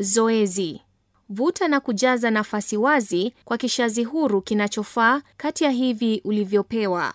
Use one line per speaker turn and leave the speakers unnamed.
Zoezi: vuta na kujaza nafasi wazi kwa kishazi huru kinachofaa kati ya hivi ulivyopewa.